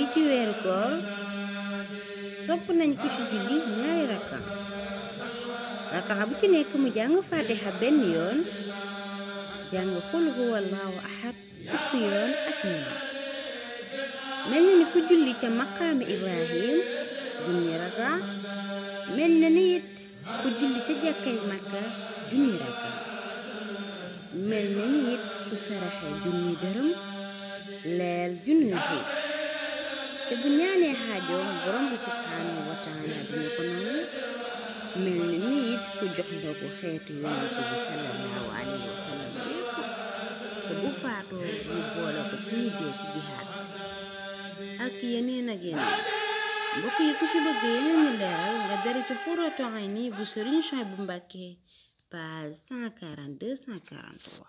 gi ci weeru koor sopp ci julli ñaari rakka rakka mu jàng faatiha benn yoon jàng xul huwallaahu ahad fukk yoon ak ñaar mel ni ku julli ca maqaami ibrahim junni rakka mel na ku julli ca jàkkay màkka junni rakka mel na ni it ku saraxe junni dërëm leel junni xiif te bu ñaanee xaajoom borom bi subhaanahu wa taala dina ko nangu mel na ni it ku jox ndogu xeetu yonent bi sallallahu alayhi wa sallam yépp te bu faatoo ñu boole ko ci ñu dee ci jihaad ak yeneen ak yeneen mbokk yi ku ci bëgg yeneen ñu nga dere ci Xurratu Ayni bu Sëriñ Suhaybu bu Mbàkke page 142 143